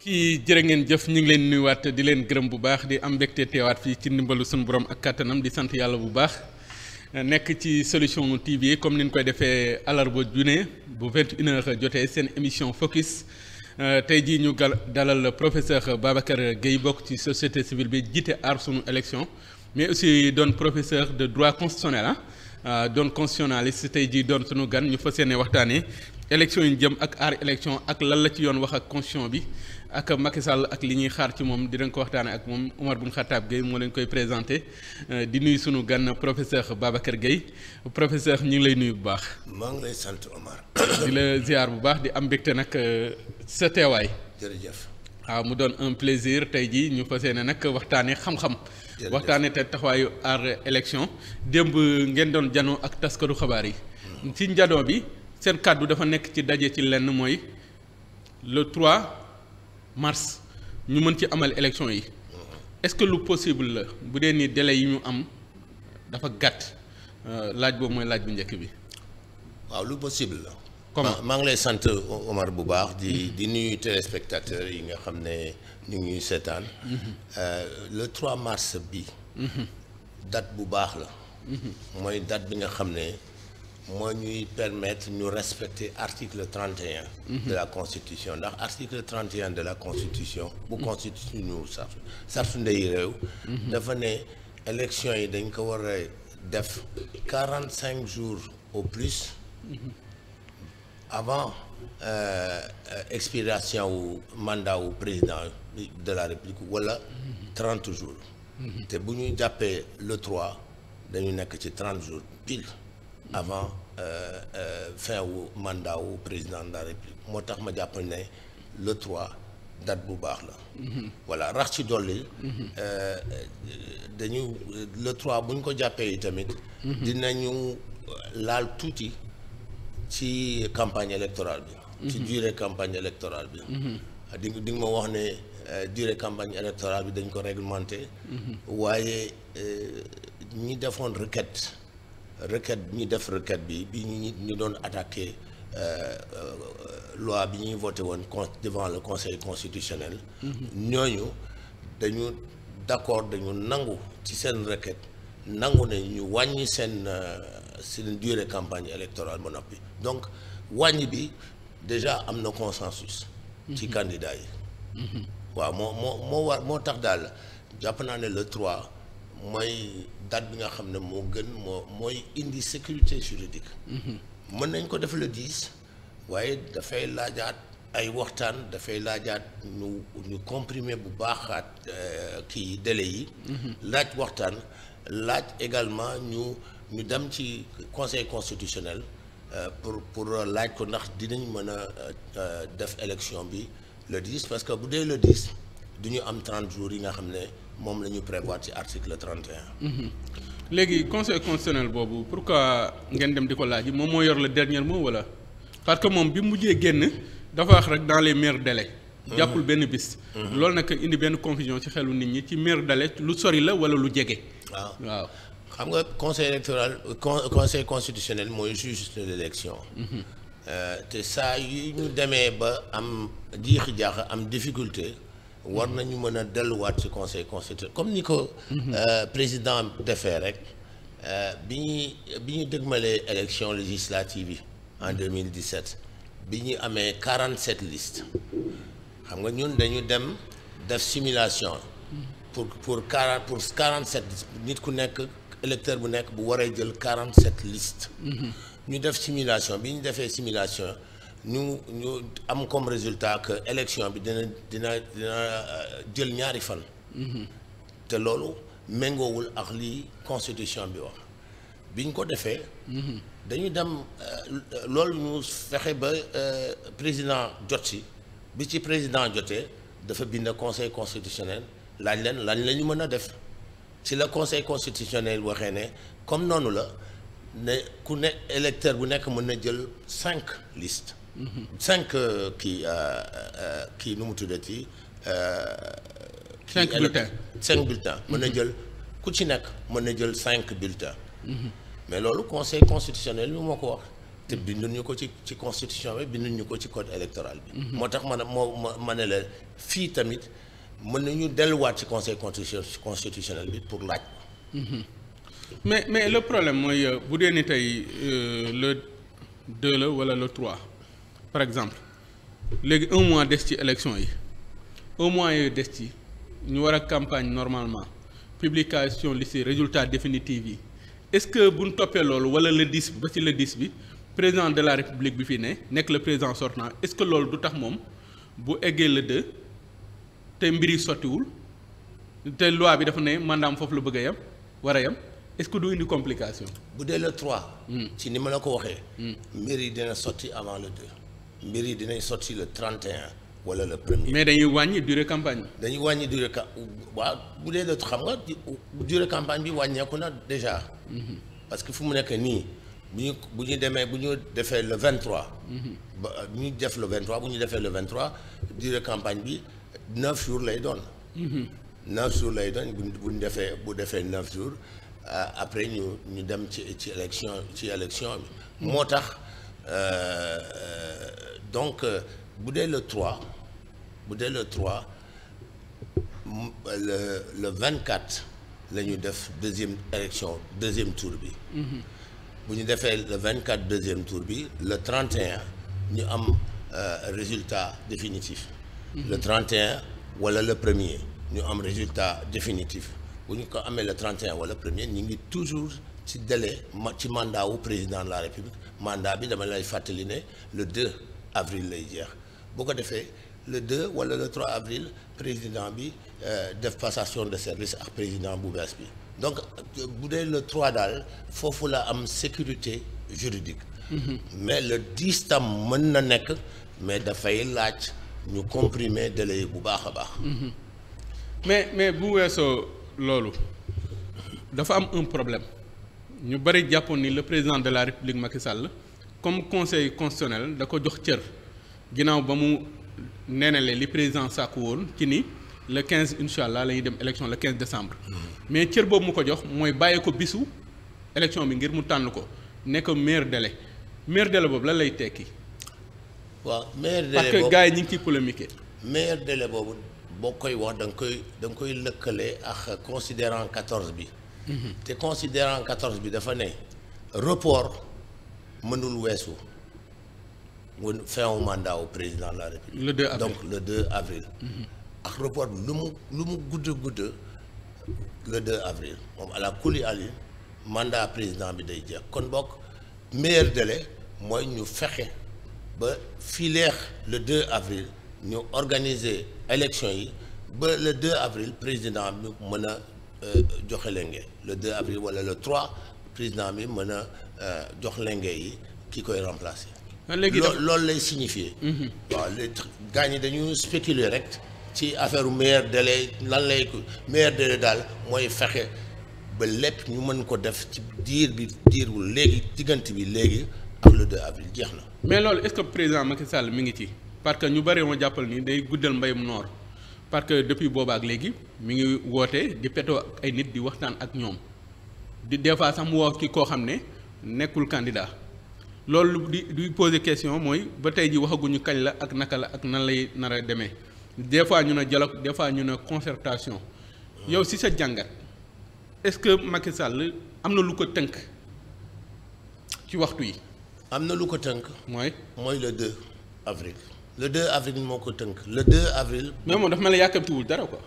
kii jërë ngeen jëf ñu ngi leen nuyuwaat di leen gërëm bu baax di am mbégte teewaat fii ci ndimbalu suñu borom ak kattanam di sant yàlla bu baax nekk ci solution TV comme ni ñu koy defee alarba junne bu 21h jotee seen émission focus euh, tey jii ñu gal dalal professeur Babacar Guèye bokk ci société civile bi jiite aar sunu élection mais aussi doon professeur de droit constitutionnel ah. Euh, doon constitutionnaliste tey jii doon suñu gan ñu fas yéene waxtaanee élection yi jëm ak aar élection ak lan la ci yoon wax ak constitution bi ak Macky Sall ak li ñuy xaar ci moom di dinañ ko waxtaanee ak moom Omar Boun Khattab Gueye moo leen koy présenté euh, di nuyu suñu gan professeur Babacar Gueye professeur ñu ngi lay nuyu bu baax. maa ngi lay sant Omar. di la ziar bu baax di am mbégte nag euh, sa teewaay. jërëjëf. waaw ah, mu doon un plaisir tey jii ñu fas yéene nag waxtaanee xam-xam. waxtaanee te taxawaayu aar élection démb ngeen doon janoo ak taskatu xabaar yi. Hmm. ci njadoo bi seen kàddu dafa nekk ci daje ci lenn mooy le 3. mars ñu mën ci amal élection yi mm-hmm. est-ce que lu possible la bu dee nii délai yi ñu am dafa gàtt euh, laaj boobu mooy laaj bu njëkk bi. waaw lu possible la. comment maa ngi lay sant Omar bu baax di mm-hmm. di nuyu téléspectateurs yi nga xam ne ñu ngi ñuy seetaan. Mm-hmm. Euh, le 3 mars bi. date bu baax la. mooy date bi nga xam ne. moo ñuy permettre ñu respecter article 31 mhm. de la constitution ndax article 31 de la constitution bu mhm. constitution ñu sartu sartu ndey réew mhm. dafa ne élection yi dañ ko war a def quarante cinq jours au plus avant euh, expiration wu mandat wu président de la république wala trente jours te bu ñu jàppee le trois dañu nekk ci trente jours pile avant euh, euh, fin wu mandat wu président de la république moo tax ma jàpp ne le 3 bu baax la. Mhm. voilà rax ci dolli. Mhm. Euh, dañu le 3 bu ko jàppee yi tamit. Mhm. dinañu laal tuuti ci campagne électorale bi. ci durée campagne électorale bi. Ah, di ma wax ne durée campagne électorale bi dañ ko réglementé. waaye ñi defoon requête. bi ñu def requête bi bi ñu ñu doon attaqué euh, euh, loi bi ñuy voté woon con devant le conseil constitutionnel. Mm-hmm. ñooñu dañu d'accord dañu nangu ci seen requête nangu ne ñu wàññi seen euh, seen durée campagne électorale ba noppi donc wàññ bi déjà am na consensus. ci mm-hmm. candidat yi. Mm-hmm. waaw moo moo moo war moo tax daal jàpp naa ne le 3. mooy date bi nga xam ne moo gën moo mooy indi sécurité juridique. Mm-hmm. mën nañ ko def le dix waaye dafay laajaat ay waxtaan dafay laajaat ñu ñu comprimer bu baaxaat euh, kii délai yi. Mm-hmm. laaj waxtaan laaj également ñu ñu dem ci conseil constitutionnel euh, pour pour laaj ko ndax dinañ mën a euh, def élection bi le dix parce que bu dee le dix du ñu am trente jours yi nga xam ne. moom la ñu prévoir ci article 31. Mhm. léegi conseil constitutionnel boobu pour pourquoi ngeen dem di ko laaj moom moo yor le dernier mot wala parce que moom bi mujjee génn dafa wax rek dans les meilleurs délais. Mhm. jàppul benn bis. Mhm. loolu nag indi benn confusion ci xelu nit ñi ci maire délais lu sori la wala lu jege. waaw waaw xam nga conseil électoral conseil constitutionnel mooy juge de l'élection. Euh, te saa yu ñu demee ba am jiixi jaax am difficulté. war nañu mën a delluwaat ci conseil constitutionnel comme ni ko. Mhm. Euh, président defee rek euh, bi ñuy bi ñu dëgmalee élection législative yi en 2017 bi ñu amee 47 listes xam nga ñun dañu dem def simulation. pour pour quarante pour 47 nit ku nekk électeur bu nekk bu waree jël 47 listes. Mhm. ñu def simulation bi ñu defee similation ñu ñu am comme résultat que élection bi dina dina dina euh, jël ñaari fan. Mhm. te loolu méngoowul ak lii constitution bi wax biñ ko defee. Mhm. dañu dem euh, loolu ñu fexe ba euh, président jot si bi ci président jotee dafa bind conseil constitutionnel laaj leen lañ la ñu mën a def ci la conseil constitutionnel waxee ne comme noonu la ne ku ne électeur bu nekk mën na jël cinq listes. cinq kii euh, kii euh, euh, nu mu tuddati. cinq bulletins cinq bulletins mën na jël ku ci nekk mën na jël cinq bulletins. mais loolu conseil constitutionnel bi moo ko wax. te binduñu ko ci ci constitution bi ñu ko ci code électoral bi. moo tax ma ne moo ma ne la fii tamit mën nañu delluwaat ci conseil constitutionnel bi pour laaj ko. mais mais le problème mooy bu dee ni tey le deux la wala le trois. par exemple léegi un mois des ci élection yi un mois yooyu des ci ñu war a campagne normalement publication liste résultat définitive yi est-ce que bu ñu toppee loolu wala le 10 ba ci le 10 bi président de la république bi fi ne nekk le président sortant est-ce que loolu du tax moom bu eggee le 2 te mbir yi sottiwul te loi bi dafa ne mandaam foofu la bëgg a yem war a yem est-ce que du indi complication. bu dee le 3. Hmm. ci ni ma la ko waxee. Hmm. mbir yi dina sotti avant le mbir yi dinañ sotti le 31 wala le premier. mais dañuy wàññi durée campagne bi. dañuy wàññi durée ca bu dee la xam nga durée campagne bi wàññeeku na déjà. Mhm. parce que fu mu nekk nii bu ñu bu ñu demee bu ñu defee le 23. Mhm. ba bu ñu def le 23 bu ñu defee le 23 durée campagne bi 9 jours lay doon. 9 mhm. jours lay doon bu bu ñu defee bu defee 9 jours euh, après ñu ñu dem ci ci ci élection bi. moo tax. Euh, euh, donc euh, bu dee le troit bu dee le 3 le le 24 la ñu def deuxième élection deuxième tour bi. Mhm. bu ñu defee le 24 deuxième tour bi le 31 ñu am euh, résultat définitif. Mhm. le 31 wala le premier ñu am résultat définitif bu ñu ko amee le 31 wala premier ñu ngi toujours. ci délai ci mandat wu président de la république mandat bi dama lay fàttali ne le 2 avril lay jeex boo ko defee le 2 wala le 3 avril président bi euh, def passation de service ak président bu bees bi donc bu dee le 3 daal foofu la am sécurité juridique. Mhm. mais le 10 tam mën na nekk mais dafay laaj ñu comprimer délai bu baax a baax. Mhm. mais mais bu weesoo loolu dafa am un problème ñu bëri jàppoon ni le président de la république Macky Sall. comme conseil constitutionnel da ko jox cër ginnaaw ba mu neenalee li président sàkku woon ci ni le 15 incha allah la ñuy dem élection le 15 décembre. Mm-hmm. mais cër boobu mu ko jox mooy bàyyi ko bisu élection bi ngir mu tànn ko nekk maire délai maire délai boobu lan lay tekki. waaw maire délai boobu gars yi ñu ngi ciy polémiquer. maire délai boobu boo koy wax da nga koy da nga koy lëkkale ak considérant 14 bi. Mm-hmm. te considérant 14 bi dafa ne report. mënul weesu mu fin wu mandat wu président de la république. le avril donc le 2 avril. Mm-hmm. ak report lu mu lu mu gudd gudd le 2 avril moom ala kulli ali mandat président bi day jeex kon bokk meilleur délai mooy ñu fexe ba fileex le 2 avril ñu organiser élection yi ba le 2 avril président bi mën a euh, joxe leen le 2 avril wala le 3 président bi mën a euh, jox lenge yi ki koy remplacer. Ah, léegi loolu lay signifier mhm. waaw léegi gaa ñi dañu spéculer rek ci affaire meilleur délai lan lay meilleur délai daal mooy fexe ba lépp ñu mën ko def ci diir bi diir bu léegi diggante bi léegi ak le 2 avril jeex na. mais loolu est-ce que président Macky Sall mi ngi ci parce que ñu bari ma jàppal ni day guddal mbayum noor parce que depuis booba ak léegi mi ngi woote di petoo ay nit di waxtaan ak ñoom. di des fois sax mu woo ki koo xam ne nekkul candidat loolu di di poser question mooy ba tey ji waxaguñu kañ la ak naka la ak nan lay nar a demee des fois ñu ne dialogue des fois ñu ne consertation yow si sa jàngat est-ce que Macky Sall am na lu ko tënk ci waxtu yi. am na lu ko tënk. mooy mooy le 2 avril. le 2 avril moo ko tënk. le 2 avril. mais moom dafa mel ni yàkkamtiwul dara ko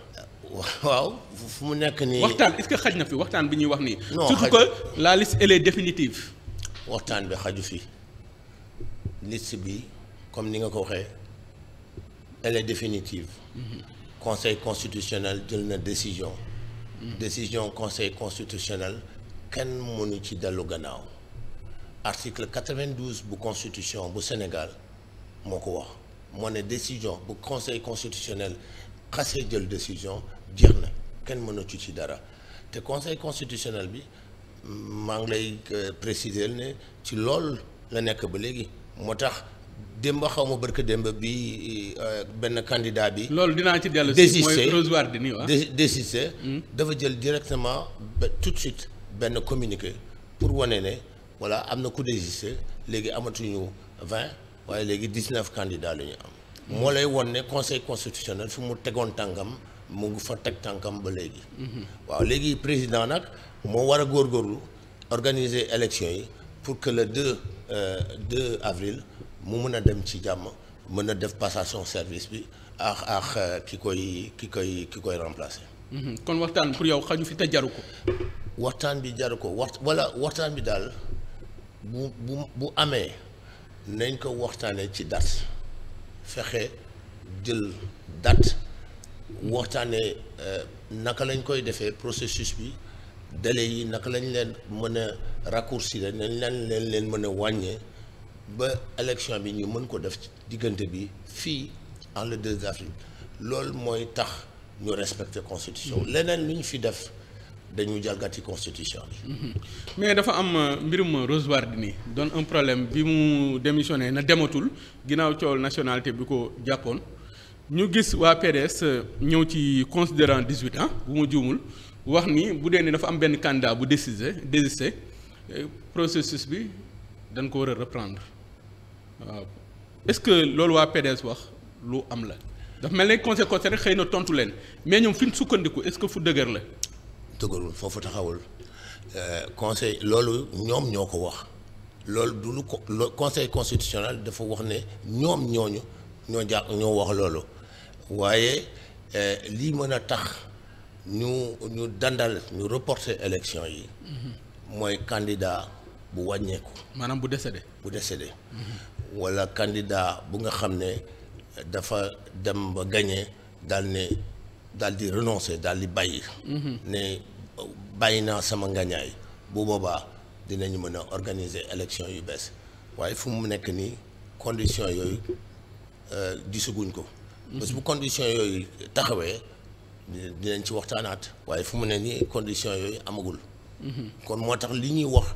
waaw fu mu nekk nii. waxtaan est que xaj na fi waxtaan bi ñuy wax nii. surtout que la liste elle est waxtaan bi xaju fi liste bi comme ni nga ko waxee elle est définitive. Mm-hmm. conseil constitutionnel jël na décision. Mm-hmm. décision conseil constitutionnel kenn mënu ci dalu gannaaw. article 92 bu constitution bu Sénégal moo ko wax moo ne décision bu conseil constitutionnel. xasee jël décision jeex na kenn mënatu ci dara te conseil constitutionnel bi maa ngi lay euh, préciser ne ci lool la nekk ba léegi moo tax démb xaw ma barka démb bi euh, benn candidat bi. loolu dinaa ci dellu si mooy Rose Wardini waaw désisté hmm. dafa jël directement tout de suite benn communiqué pour wane ne voilà am na ku désisté léegi amatuñu vingt waaye léegi dix neuf candidats lu ñu am. moo lay won ne conseil constitutionnel fu mu tegoon tàngam mu ngi fa teg tànkam ba léegi. Mm-hmm. waaw léegi président nag moo war a góor góorlu organiser élection yi pour que la 2 euh, 2 avril mu mën a dem ci jàmm mën a def passation service bi ak ak euh, ki koy ki koy ki koy remplacer. Mm-hmm. kon waxtaan pour yow xaju fi te jaru ko. waxtaan bi jaru ko wax walla waxtaan bi daal bu bu bu amee nañ ko waxtaanee ci date. fexe jël date waxtaanee euh, naka lañ koy defee processus bi délai yi naka lañ leen mën a raccourcir nañ leen leen leen mën a wàññee ba élection bi ñu mën ko def diggante bi fii en le 2 avril loolu mooy tax ñu respecter constitution mm-hmm. leneen lu ñu fi def dañu jàlgati constitution bi. Mm-hmm. mais dafa am euh, mbirum Rose nii don un problème bi mu démissionné na dematul ginnaaw coowal nationalité bi ko jàppoon ñu gis waa PDS euh, ñëw ci considérant 18 ans bu ma juumul wax ni bu dee ni dafa am benn candidat bu décisé désisté euh, processus bi dañ ko war a reprendre waaw est-ce que loolu waa PDS wax lu am la. dafa mel ne conseil conseil rek xëy na tontu leen mais ñoom fi ñu sukkandiku est-ce que fu dëgër la. tëgarul foofu taxawul euh, conseil loolu ñoom ñoo ko wax loolu du lu ko conseil constitutionnel dafa wax ne ñoom ñooñu ñoo jàpp ñoo wax loolu waaye euh, lii mën a tax ñu ñu dandal ñu reporter élection yi mm-hmm. mooy candidat bu wàññeeku maanaam bu décédé bu décédé mm-hmm. wala candidat bu nga xam ne dafa dem ba gagné daal ne daal di renoncer daal di bàyyi. Mhm. ne bàyyi naa sama ngañaay bu boobaa dinañu mën a organiser élection yu bees waaye fu mu nekk nii condition yooyu euh, gisaguñ ko. parce mhm. que bu condition yooyu taxawee dinañ ci waxtaanaat. waaye fu mu ne nii condition yooyu amagul. Mhm. kon moo tax li ñuy wax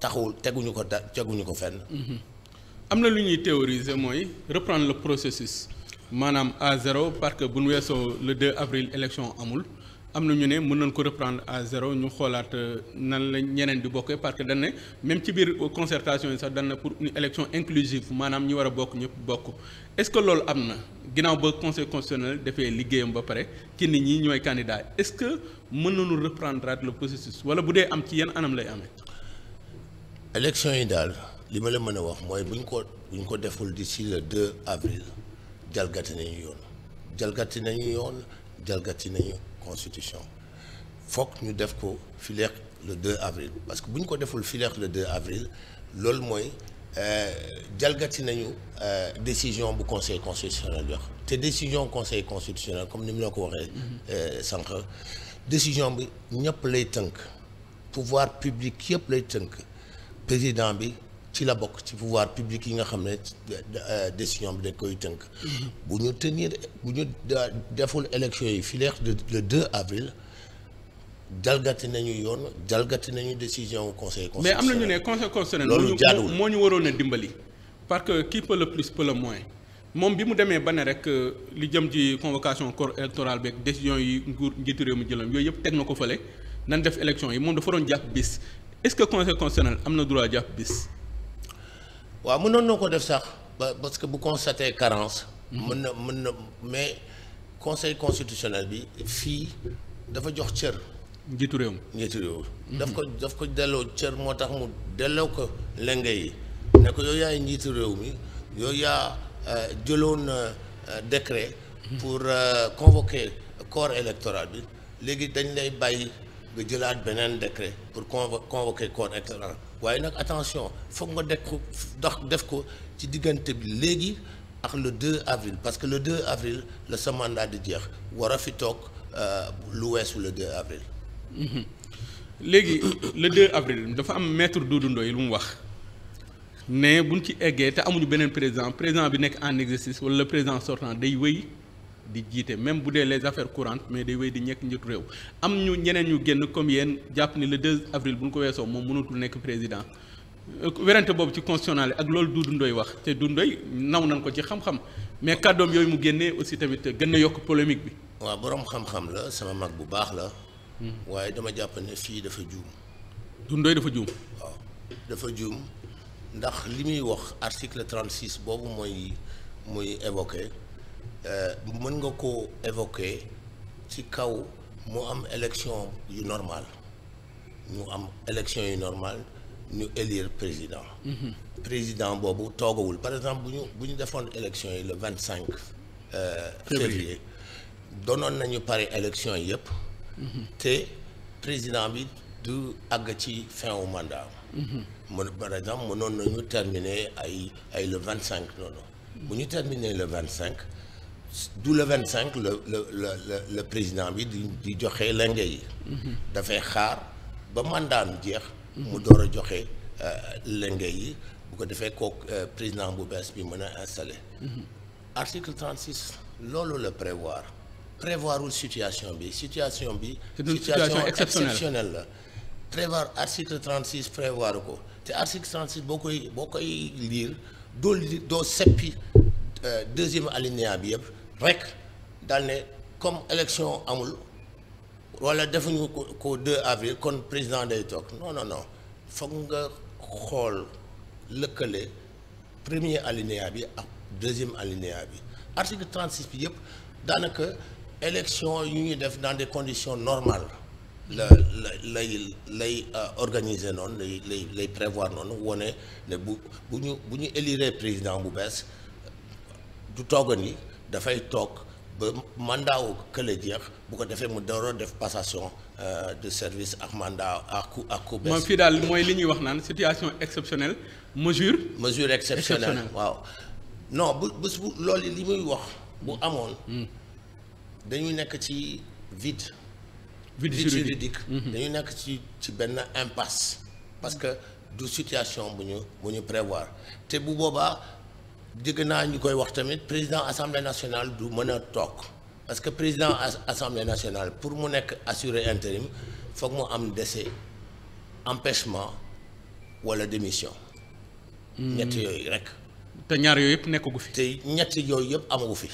taxawul teguñu ko teguñu ko fenn. am na lu ñuy théoriser mooy reprendre le processus. maanaam à zéro parce que bu nu weesoo le 2 avril élection amul am na ñu ne mën nañ ko reprendre à zéro ñu xoolaat euh, nan la ñeneen di bokkee parce que dañ ne même ci biir concertation yi sax dañ pour une élection inclusive maanaam ñi war a bokk ñëpp bokk est-ce que loolu am na ginnaaw ba conseil constitutionnel defee liggéeyam ba pare ci nit ñi ñooy candidat est-ce que mën nañu reprendre le processus wala bu dee am ci yan anam lay amee. élection yi daal li ma la mën a wax mooy bu ñu ko bu ñu ko deful d'ici le 2 avril. jalgati nañu yoon jalgati nañu yoon jalgati nañu constitution foog ñu def ko fileex le 2 avril parce que bu ñu ko deful fileex le 2 avril loolu mooy euh, jalgati nañu euh, décision bu conseil constitutionnel jox te décision conseil constitutionnel comme ni mu la ko waxee mm-hmm. euh, sànq décision bi ñëpp lay tënk pouvoir public yëpp lay tënk président bi ci la bokk ci pouvoir public yi nga xam ne euh, euh, décision bi dañ koy tënk. Mm-hmm. bu ñu tenir bu ñu deful élection yi fileex le 2 avril jalgati nañu yoon jalgati nañu décision conseil constitutionnel. mais am na ñu ne conseil constitutionnel. loolu moo ñu waroon a dimbali. parce que qui peut le plus peut moins moom bi mu demee ba ne rek euh, li jëm ci convocation corps électoral beeg décision yi nguur njiitu réew mu jëlam yooyu yëpp teg na ko fële nan def élection yi moom dafa doon jàpp bis est-ce que conseil constitutionnel am na droit jàpp bis. waaw mënoon na ko def sax ba parce que bu constaté carence. Mhm. mën na mën na mais conseil constitutionnel bi fii dafa jox cër. njiitu réew mi njiitu réew mhm. daf ko daf ko delloo cër moo tax mu delloo ko lenge yi ne yaay njiitu réew mi yow yaa euh, jëloon euh, décret. Mhm. pour euh, convoquer corps électoral bi léegi dañ lay bàyyi nga jëlaat beneen décret pour convo convoquer corps électoral. waaye nag attention foog nga def ko dox def ko ci diggante bi léegi ak le 2 avril parce que le 2 avril la sa mandat di jeex war a fi toog euh, lu weesu le 2 avril. Mhm. léegi le 2 avril dafa am maître Doudou Ndoye lu mu wax bu buñ ci eggee te amuñu beneen président président bi nekk en exercice wala le président sortant day wéy. di jiite même bu dee les affaires courantes mais day wéy di nekk njëtu réew am ñu ñeneen ñu génn comme yéen jàpp ni le 2 avril bu ñu ko weesoo moom mënatul nekk président werante boobu ci constitutionnel ak loolu Doudou Ndoye wax te Doudou naw nañ ko ci xam-xam mais kàddoom yooyu mu génnee aussi tamit gën a yokk polémique bi. waa boroom xam-xam la sama mag bu baax la. Hmm. waaye dama jàpp ne fii dafa juum. Doudou dafa juum. waaw dafa juum ndax li muy wax article 36 boobu mooy muy évoqué. Euh, mën nga ko évoquer ci kaw mu am élection yu normal mu am élection yu normal ñu élire président mhm. président boobu toogawul par exemple bu ñu bu ñu defoon élection yi le vingt cinq euh, février doonoon nañu pare élection yi yëpp mhm. te président bi du àgg ci fin au mandat mhm. mën par exemple mënoon nañu terminer ay ay le vingt cinq noonu bu ñu terminer le vingt cinq du le vingt cinq la la la le président bi di di joxe lenge yi. dafay xaar ba mandaam jeex. mu door a joxe euh, lenge yi bu ko defee kooku euh, président bu bees bi mën a installé. article trente six loolu la prévoir prévoirul situation bi situation bi. situation exceptionnelle la. prévoir article trente six prévoir ko te article trente six boo koy boo koy lire doo li doo seppi euh, deuxième alinéa bi yëpp. rek daal ne comme élection amul wala defuñu ko ko 2 avril kon président day toog non non non foog nga xool lëkkale premier alinéa bi ak deuxième alinéa bi article 36 bi yëpp daanaka élection yu ñuy def dans des conditions normales la la lay lay euh, organiser noonu lay lay lay prévoir noonu wone ne bu bu ñu bu ñu élire président bu bees du toogan yi dafay toog ba mandat wu jeex bu ko defee mu dooroo def passation euh, de service ak mandat ak ak ku bees. mooy fii daal mooy li ñuy wax naan situation exceptionnelle mesure. mesure exceptionnelle waaw. non bu bu loolu li muy wax bu amoon. Hmm. dañuy nekk ci vide. vide juridique hmm. dañuy nekk ci ci benn impasse. parce que du situation bu ñu bu ñu prévoir te bu boobaa. dégg naa ñu koy wax tamit président assemblée nationale du mën a toog parce que président assemblée nationale pour mu nekk assurer intérim foog mu am décès empêchement wala démission. Hmm. ñett yooyu rek. te ñaar yooyu yëpp nekkagu fi. te ñett yooyu yëpp amagu fi.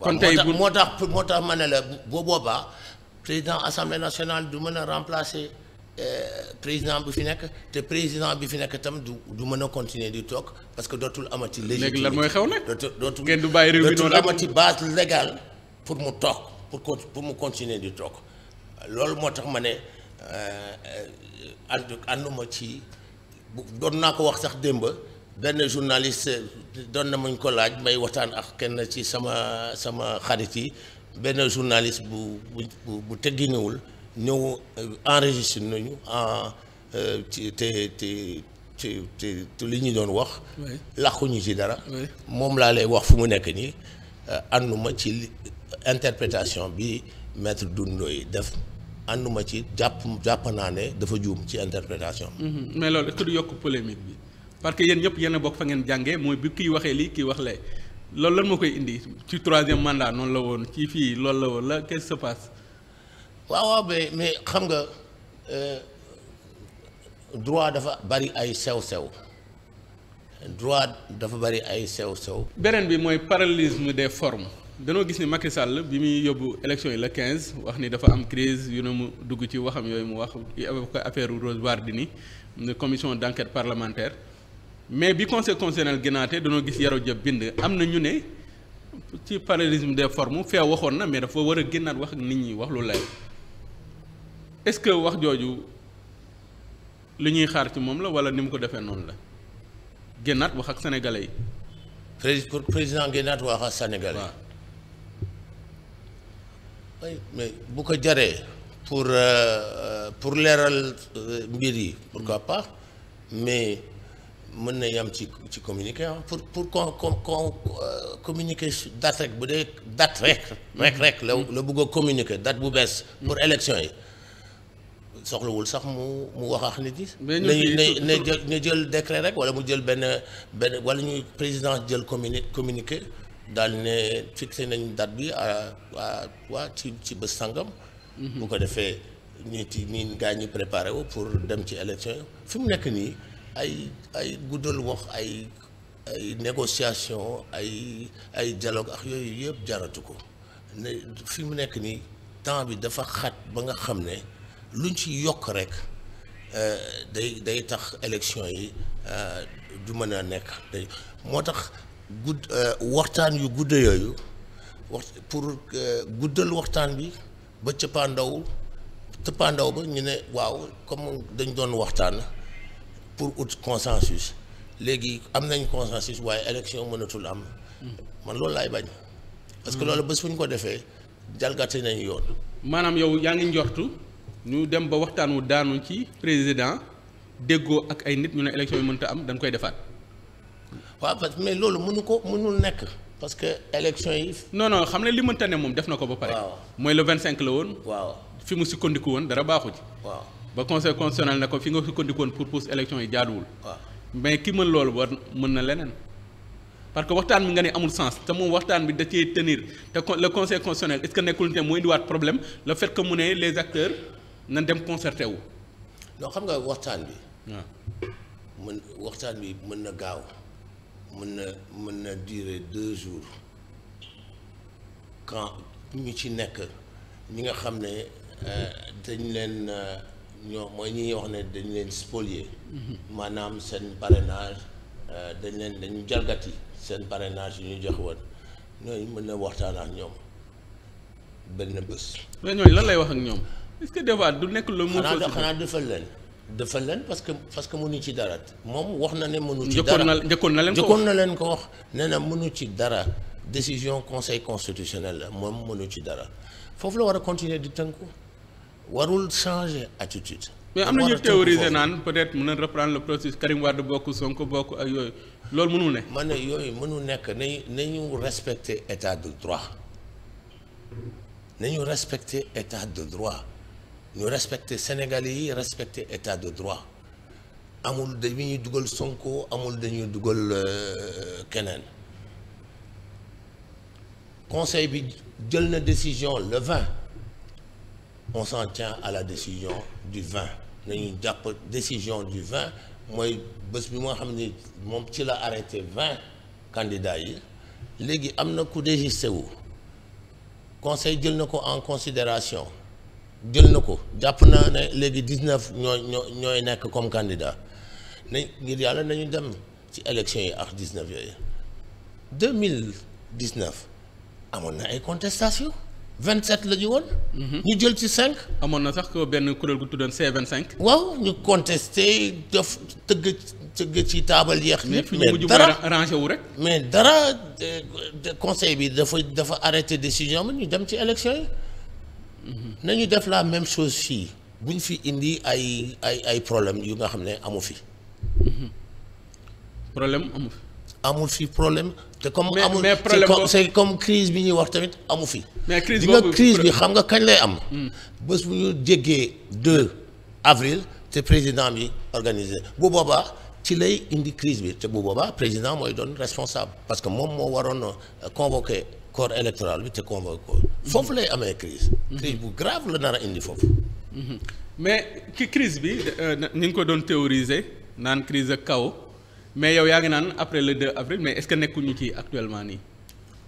kon tey moo tax moo tax ma ne la boo boobaa président assemblée nationale du mën a remplacé Euh, président bi fi nekk te président bi fi nekk tam du du mën a continuer di toog parce que dootul amati. légitimité léegi lan mooy xew nag. dootul dootul kenn du bàyyi réew amati base légale pour mu toog pour pour mu continuer di toog loolu moo tax ma ne euh, ànd ànduma ci bu doon naa ko wax sax démb benn journaliste doon na muñ ko laaj may waxtaan ak kenn ci sama sama xarit yi benn journaliste bu bu bu tegginewul ñëw euh, enregistré nañu en euh, ci te te te li ñu doon wax. làquñu ci dara. moom laa lay wax fu mu nekk nii euh, ànduma ci interprétation bi maître Dundoo yi def. ànduma ci jàpp jàpp naa ne dafa juum ci interprétation mhm. mais loolu est du yokk polémique bi parce que yéen ñëpp yéen bokk fa ngeen jàngee mooy bi kii waxee lii kii wax lee loolu lan moo koy indi ci troisième mandat noonu la woon ci fii loolu la woon la qu'est-ce se passe waaw waaw mais xam nga euh, droit dafa bari ay sew-sew droit dafa bari ay sew-sew. beneen bi mooy parallélisme des formes danoo gis ni Macky Sall bi muy yóbbu élection yi la 15 wax ni dafa am crise yu ne mu dugg ci waxam yooyu mu wax affaire Rose Wardini commission d' enquête parlementaire mais bi conseil constitutionnel gënaatee danoo gis Yaro Dia bind am na ñu ne ci parallélisme des form fee waxoon na mais dafa war a génnaat wax ak nit ñi wax lu lay. est-ce que wax jooju li ñuy xaar ci moom la wala ni mu ko defee noonu la génnaat wax ak sénégalais yi. prési président génnaat wax ak sénégalais yi. bu ko jaree pour euh, pour leeral euh, mbir yi. pourquoi mm. pa mais mën na yam ci ci communiqué pour pour qu'on qu'on euh, communiqué date rek bu dee dat rek. rek rek la mm. la bëgg communiqué date bu bees. Mm. pour élection yi. soxlawul sax mu mu wax ak nit yi. mais ñu jël décret rek wala mu jël benn benn wala ñuy président jël communi communiqué daal ne fixé nañu date bi à à waa ci ci bés sangam. mu mhm. ko defee nit yi ñun gars ñi préparé wu pour dem ci élection yi fi mu nekk nii ay ay guddal wax ay ay négociation ay ay dialogue ak yooyu yëpp jaratu ko fi mu nekk nii temps bi dafa xat ba nga xam ne. lu luñ ci yokk rek euh, day day tax élection yi euh, du mën a nekk day moo tax gudd euh, waxtaan yu gudd yooyu wax pour guddal waxtaan bi ba cëppaandaw cëppaandaw ba ñu ne waaw comme dañ doon waxtaan pour ut consensus léegi am nañ consensus waaye élection mënatul am man loolu laay bañ parce que hmm. loolu ba fu ko defee jalgati nañu yoon maanaam yow yaa ngi njortu ñu dem ba waxtaan wu daanu ci président déggoo ak ay nit ñu ne élection yi mënta am dañ koy defaat. waaw parce que mais loolu mënu ko mënul nekk. parce que élection yi. non non xam ne li mënta ne moom def na ko ba pare. mooy le 25 la woon. waaw fi mu sukkandiku woon dara baaxu ci. waaw ba conseil constitutionnel ne ko fi nga sukkandiku woon pour pousse élection yi jaaduwul. waaw mais ki mën loolu war mën na leneen. parce que waxtaan bi nga ne amul sens te moom waxtaan bi da cee tenir te le conseil constitutionnel est-ce que nekkul ne moo indiwaat problème le fait ne les acteurs. nan dem concerté wu. non xam nga waxtaan bi. mën waxtaan bi mën na gaaw mën na mën na durer deux jours quand ñu ci nekk ñi nga xam ne euh, dañ leen euh, ñoom mooy ñuy wax ne dañ leen spolier. Mhm. maanaam seen parrainage euh, dañ leen dañu jalgati seen parrainage yu ñu joxe woon ñooñu mën na waxtaan ak ñoom benn bés. mais lan lay wax ak ñoom. est-ce que des du nekk le mot. xanaa leen. defal leen parce que parce que mënu ci dara moom wax na ne mënu ci dara njëkkoon na leen ko na leen ko wax nee na mënu ci dara décision conseil constitutionnel la moom mënu ci dara foofu la war a continuer di tënku warul changer attitude. mais am na ñu théoriser naan peut-être mën na reprendre le processus Karim bokk bokk Sonko bokk ak yooyu loolu mënul ne. ma ne yooyu mënul nekk nañu nañu respecter état de droit nañu respecter état de droit. ñu respecter sénégal yi respecter état de droit amul dañuy dugal Sonko amul dañuy dugal euh, keneen conseil bi jël na décision le 20 on s'en tient à la décision du 20 nañu jàpp décision du 20 mooy bés bi nga xam ni moom ci la arrêté 20 candidats yi léegi am na ku désisté wu conseil jël na ko en considération jël na ko jàpp naa ne léegi dix-neuf ñooy ñoo ñooy nekk comme candidat nañ ngir yàlla nañu dem ci élection yi ak dix-neuf yooyu deux mille dix-neuf amoon na ay contestation vingt-sept la ñu woon mhm. ñu jël ci cinq amoon na sax ko benn kuréel gu tuddoon vingt cinq waaw ñu contesté def tëgg tëgg ci taabal yeex lépp mais dara rangé wu rek mais dara euh, conseil bi dafa dafa arrêté décision bi ñu dem ci élection yi nañu def la même chose fii ñu fi indi ay ay ay problème yu nga xam ne amu fi. problème amu fi. amul fi problème te comme. amul c'est comme crise bi ñuy wax tamit amu fi. mais crise boobu crise bi xam nga kañ lay am. Hmm. bés bu ñu jéggee avril te président bi organisé bu boobaa ci lay indi crise bi te bu boobaa président mooy doon responsable parce que moom moo waroon convoqué. corps électoral bi te convoqué ko foofu lay amee crise crise bu grave la nar indi foofu mais ci crise bi euh, ni ngi ko doon théoriser naan crise ak kaw mais yow yaa ngi naan après le 2 avril mais est-ce que nekkuñu ci actuellement nii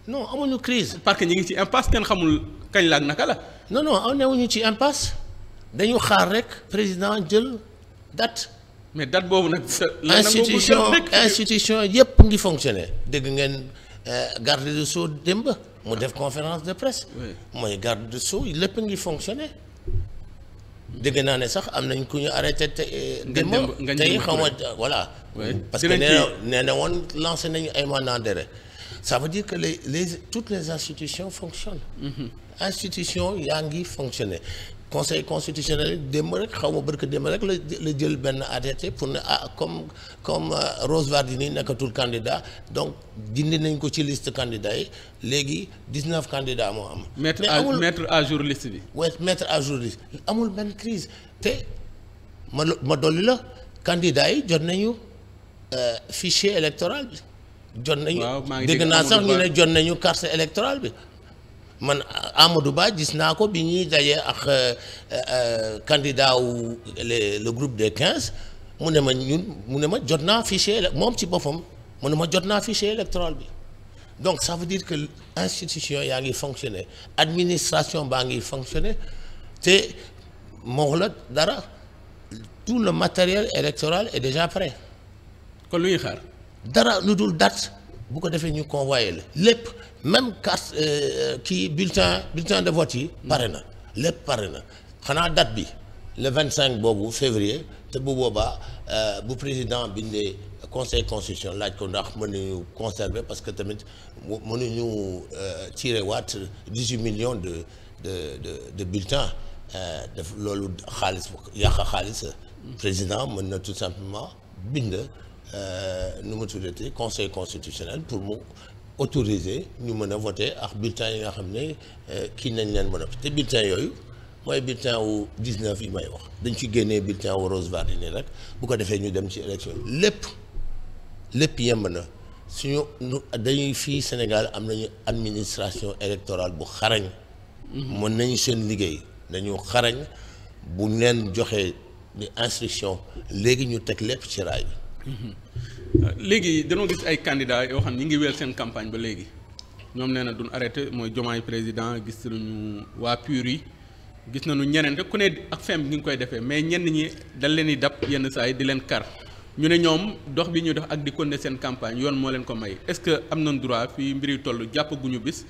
non amuñu crise parce que ñu ngi ci impasse kenn xamul kañ la ak naka la non non aw newuñu ci impasse dañu xaar rek président jël date mais date boobu nag institution institution yépp ngi fonctionner dégg ngeen Euh, garde des sceaux démb mu def conférence de presse mooy garde des so lépp ngi fonctionner dégg naa ne sax am nañ ku ñu arrêté te euh, démb tey xaw ma voilà parce que nee na nee na woon lancé nañu ay mandat d'arrêt ça veut dire que les les toutes les institutions fonctionnent mm-hmm. institution yaa ngi fonctionner conseil constitutionnel démb rek xaw ma barka démb rek la la jël benn arrêté pour ne ah comme comme euh, Rose Wardini nekkatul candidat donc dindi nañ ko ci liste candidats yi léegi dix-neuf candidats moo am. mettre à mettre à jour liste bi. oui mettre à jour liste amul benn crise te ma ma dolli la candidats yi jot nañu euh, fichier électoral bi. jot nañu dégg naa sax ñu ne jot nañu carte électorale bi man Amadou baa gis naa ko bi ñuy dajee ak euh, euh, candidat wu le le groupe des quinze mu ne ma ñun mu ne ma jot naa fichier moom si boppam mu ne ma jot naa fichier électoral bi donc ça veut dire que institution yaa ngi fonctionner administration baa ngi fonctionner te moo la dara tout le matériel électoral et déjà prêt. kon luy xaar. dara lu dul dat bu ko defee ñu convoyé la lépp même carte euh, kii bulletin bulletin de vote yi. pare na lépp pare na xanaa date bi le vingt cinq boobu février te bu boobaa euh, bu président bindee conseil constitution laaj ko ndax nañu conserver parce que tamit mu mënuñu euh, tirer waat dix huit millions de de de bulletin bulletins def loolu xaalis yàq xaalis président mën na tout simplement bind. Euh, nu mu tuddati conseil constitutionnel pour mu autoriser ñu mën a voter ak bulletin yi nga xam ne euh, kii nañ leen mën a te bulletin yooyu mooy bulletin wu 19 yi may wax dañ ci génnee bulletin wu Rose Wardini rek bu ko defee ñu dem ci élection yi lépp lépp yemb na suñu dañuy fii Sénégal am nañu administration électorale bu xarañ mm-hmm. mën nañu seen liggéey dañu xarañ bu leen joxee ni instruction léegi ñu teg lépp ci raay Euh, léegi danoo gis ay candidats yoo xam ñi ngi weel seen campagne ba léegi ñoom nee na duñ arrêté mooy Diomaye président gis nañu waa PUR yi gis nañu ñeneen rek ku ne ak fem bi ngi koy defee mais ñenn ñi dañ leen yi dab yenn saa yi di leen kar ñu ne ñoom dox bi ñuy def ak di continuer seen campagne yoon moo leen ko may est-ce que am nañ droit fii mbir yu toll jàppaguñu bis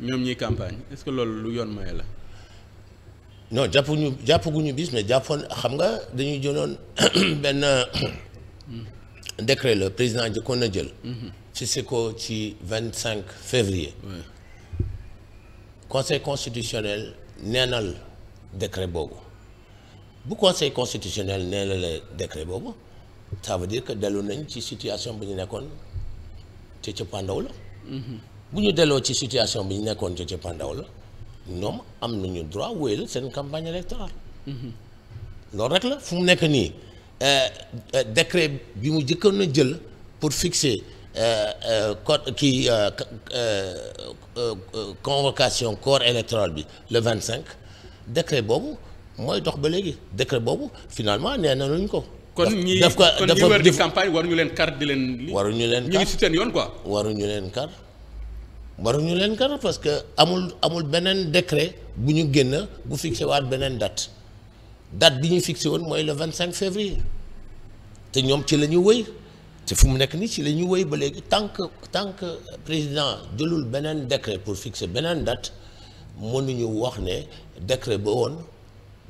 ñoom ñuy campagne est-ce que loolu lu yoon maye la. non jàppuñu jàppaguñu bis mais jàppoon xam nga dañuy jëloon décret la président jëkkoon na jël. Mhm. ci si ko ci vingt cinq février. Oui. conseil constitutionnel neenal décret boobu bu conseil constitutionnel neenalee décret boobu ça veut dire que dellu nañ ci situation bi ñu nekkoon ca ca la. Mhm. bu ñu delloo ci situation bi ñu nekkoon ca ca la ñoom am nañu droit wéyal seen campagne électorale. Mhm. loolu rek la fu mu nekk nii. Euh, euh, décret bi mu jëkkoon a jël pour fixer euh, code kii convocation corps électoral bi le vingt cinq décret boobu mooy dox ba léegi décret boobu finalement nee na luñ ko. kon ñi kon ñi waruñu leen kar di leen. waruñu leen kar ñu ngi si seen yoon waruñu leen kar waruñu leen kar parce que amul amul beneen décret bu ñu génn bu fixé waat beneen dat dat bi ñuy fixé woon mooy le vingt cinq février te ñoom ci la ñu wëy te fu mu nekk nii ci la ñu wëy ba léegi tant que tant que président jëlul beneen décret pour fixer beneen date mënuñu wax ne décret ba woon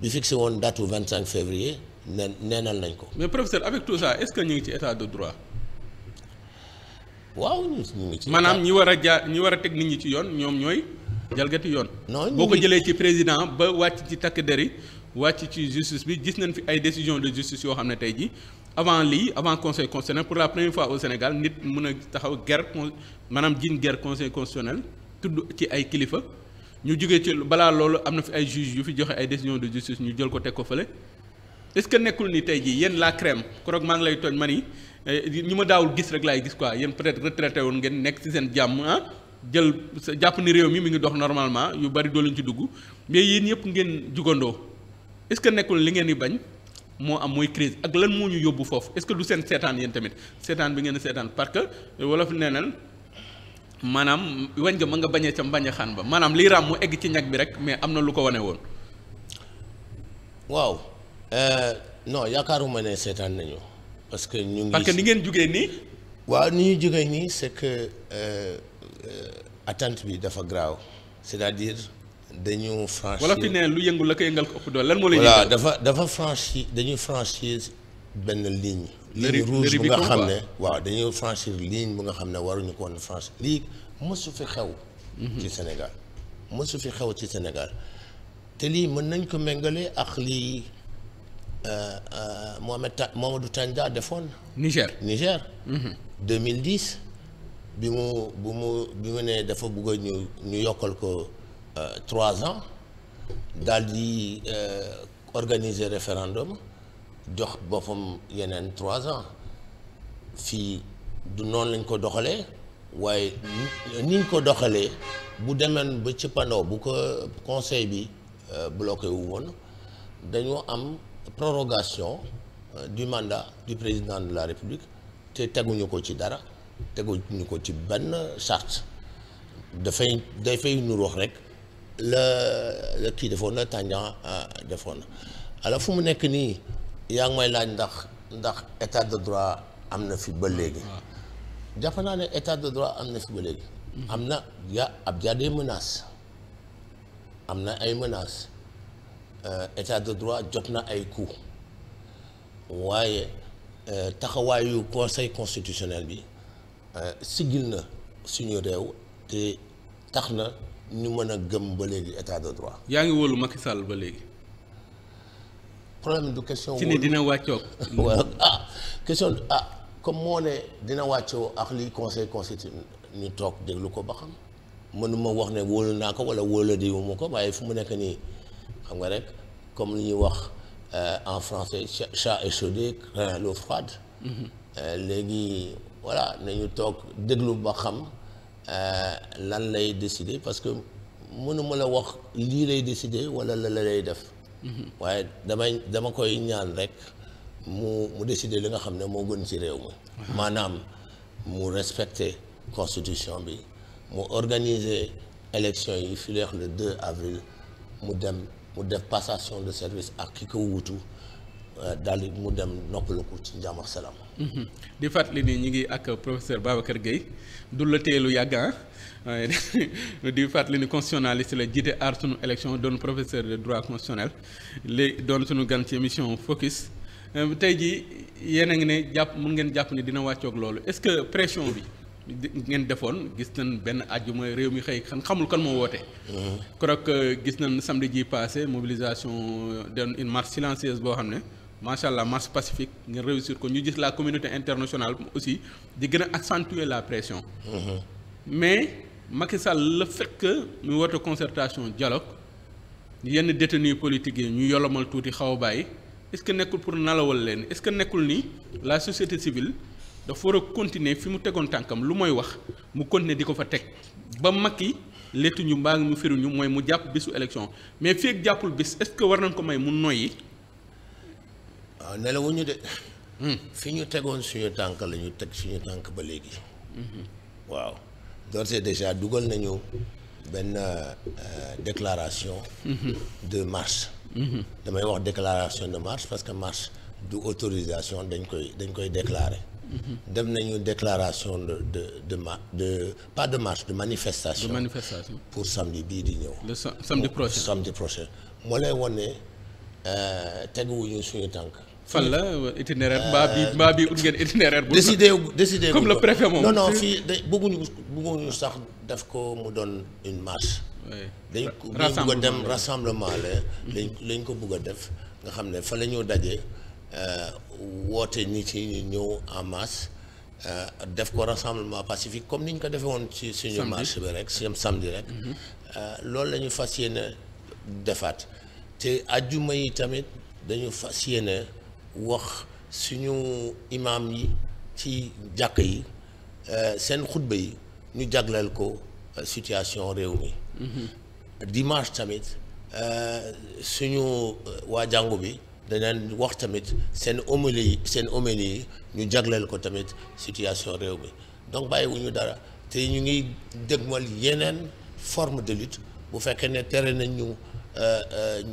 bi fixé woon date bu cinq février nen neenal nañ ko. mais professeur avec tout ça est-ce que ñu ngi ci état de droit. waaw ñu ngi ci. maanaam ñi war a jaar ñi war a teg nit ñi ci yoon ñoom ñooy jalgati yoon. non boo ko jëlee ci président ba wàcc ci takk der yi wàcc ci justice bi gis nañ fi ay décision de justice yoo xam ne tey jii avant lii avant conseil constitutionnel pour la première fois au Sénégal nit mën a taxaw guerre con maanaam jiin guerre conseil constitutionnel tudd ci ay kilifa ñu jógee ci balaa loolu am na fi ay juge yu fi joxe ay décision de justice ñu jël ko teg ko fële est-ce que nekkul ni tey jii yéen la crème koroog maa ngi lay tooñ ma ni eh, ñi ma daawul gis rek laay gis quoi yéen peut-être retraité woon ngeen nekk ci seen jàmm ah, jël jàpp ni réew mi mi ngi dox normalement yu bari doo leen ci dugg mais yéen yëpp ngeen jugandoo est-ce que nekkul li ngeen di bañ moo am mooy crise ak lan moo ñu yóbbu foofu est-ce que du seen seetaan yéen tamit seetaan bi ngeen di seetaan parce que wolof nee na maanaam wañ ga ma nga bañee ca mbañe xaan ba maanaam lii raam mu egg ci ñag bi rek mais am na lu ko wane woon. waaw euh, non yaakaaruma ne seetaan nañu. parce que ñu ngi parce que ni ngeen jugee nii. waaw ni ñu jugee nii c'est que euh, euh, attente bi dafa graaw c'est-à-dire. dañu franchir wala fi lu yëngu la ko yëngal ko ëpp doole lan moo lay. voilà dafa dafa franchir dañuy franchir benn ligne. ligne rouge bu nga xam ne waaw dañuy franchir ligne bu nga xam ne waruñu ko woon franchir lii mësu fi xew. ci mhm. Sénégal mësu fi xew ci Sénégal te lii mën nañ ko méngale ak lii euh, euh, Mohamed Ta Mamadou Tandja defoon. Niger Niger. 2010 mhm. bi mu bu mu bi mu ne dafa bëgg ñu ñu yokkal ko. Euh, trois ans daal di euh, organiser référendum jox boppam yeneen trois ans fii du noonu lañ ko doxalee waaye niñ ko doxalee bu demeen ba cëppandoo bu ko conseil bi euh, bloqué wu woon dañoo am prorogation du mandat du président de la république te teguñu ko ci dara teguñu ko ci bann charte dafay dafay nur wax rek la kii defoon na Tandian ah, defoon na alors fu mu nekk nii yaa ngi may laaj ndax ndax état de droit am na fi ba léegi. naa ne état de droit am na fi ba na ya ab jaar des menaces am na ay menaces euh, état de droit jot na ay coups waaye euh, taxawaayu conseil constitutionnel bi euh, siggil na suñu réew te tax na. ñu mën a gëm ba léegi état de droit. yaa ngi wóolu Macky Sall ba léegi. problème du question. ci ni dina wàccoog. ah question ah comme moo ne dina wàccoo ak li conseil constitutionnel ñu toog déglu ko ba xam mënuma wax ne wóolu naa ko wala wóola diwuma ko waaye fu mu nekk nii xam nga rek comme li ñuy wax euh, en français chat échaudé craint l'eau froide. Mm-hmm. Euh, léegi voilà nañu toog déglu ba xam. Euh, lan lay décider parce que mënuma la wax lii lay décider walla la la lay def mm-hmm. waaye damay dama koy ñaan rek mu mu décider li nga xam ne moo gën ci réew mi maanaam mu respecter constitution bi mu organiser élection yi fileex le 2 avril mu dem mu def passation de service ak ki ko wutu euh, daal di mu dem noppalu ko ci njàmm ak Mhm. di fàttali ni ñu ngi ak professeur kër Gueye du la teelu yàgg ah. di fàttali ni constitutionnaliste la jiite aar sunu élection doon professeur de droit constitutionnel léegi doon sunu gan ci émission focus euh, tey jii yéen a ngi ne jàpp mun ngeen jàpp ni dina wàccoog loolu est-ce que pression bi ngeen defoon gis nañ benn àjjuma réew mi xëy xam xamul kan moo woote. Mhm. keroog euh, gis nañ samedi ji passé mobilisation euh, doon une marche silencieuse boo xam ne. macha allah marche pacifique ngeen réussir ko ñu gis la communauté internationale aussi di gën a accentuer la pression. Mm-hmm. mais Macky Sall le fait que ñu woote concertation dialogue yenn détenus politiques yi ñu yolomal tuuti xaw a bàyyi est-ce que nekkul pour nalawal leen est-ce que nekkul ni la société civile dafa war a continuer fi mu tegoon tànkam lu mooy wax mu continuer di ko fa teg ba mag yi léttu ñu mbaa mu firuñu mooy mu jàpp bisu élection mais fii ak jàppul bis est-ce que war nañ ko may mu noyyi. waaw nelawuñu de. Hmm. fi ñu tegoon suñu tànk la ñu teg suñu tànk ba léegi. Hmm. waaw d'ores et déjà dugal nañu benn euh, déclaration. Hmm. de marche. damay wax déclaration de marche parce que marche autorisation dañ koy dañ koy déclarer. dem nañu déclaration de de de ma de pas de marche de manifestation. de manifestation pour samedi bii di ñëw. le samedi prochain samedi prochain. moo lay wan ne euh, teguwuñu suñu tànk. fan la euh, euh, itinéraire mbaa bi euh, mbaa bi ut ngeen itinéraire. bu décidé décidé comme le préfet moom. non non fii de bëgguñu bëgguñu sax def ko mu doon une marche. dañ ko bugg dem rassemblement la. lañ lañ ko bugg a def nga xam ne fa la ñoo daje woote nit yi ñu ñëw en masse def ko rassemblement pacifique comme ni ñu ko defee woon ci suñu marche bi rek suñu samedi rek. Mhm. loolu la ñu fas yéene defaat te àjjuma yi tamit dañu fas yéene. wax suñu imam yi ci jàkk yi euh, seen xutba yi ñu jagleel ko euh, situation réew mi mm-hmm. dimanche tamit euh, suñu waa jàngu bi daneen wax tamit seen homélie yi seen homélie yi ñu jagleel ko tamit situation réew mi donc bàyyiwuñu dara te ñu ngi dégmal yeneen forme de lutte bu fekkee ne tere nañ ñu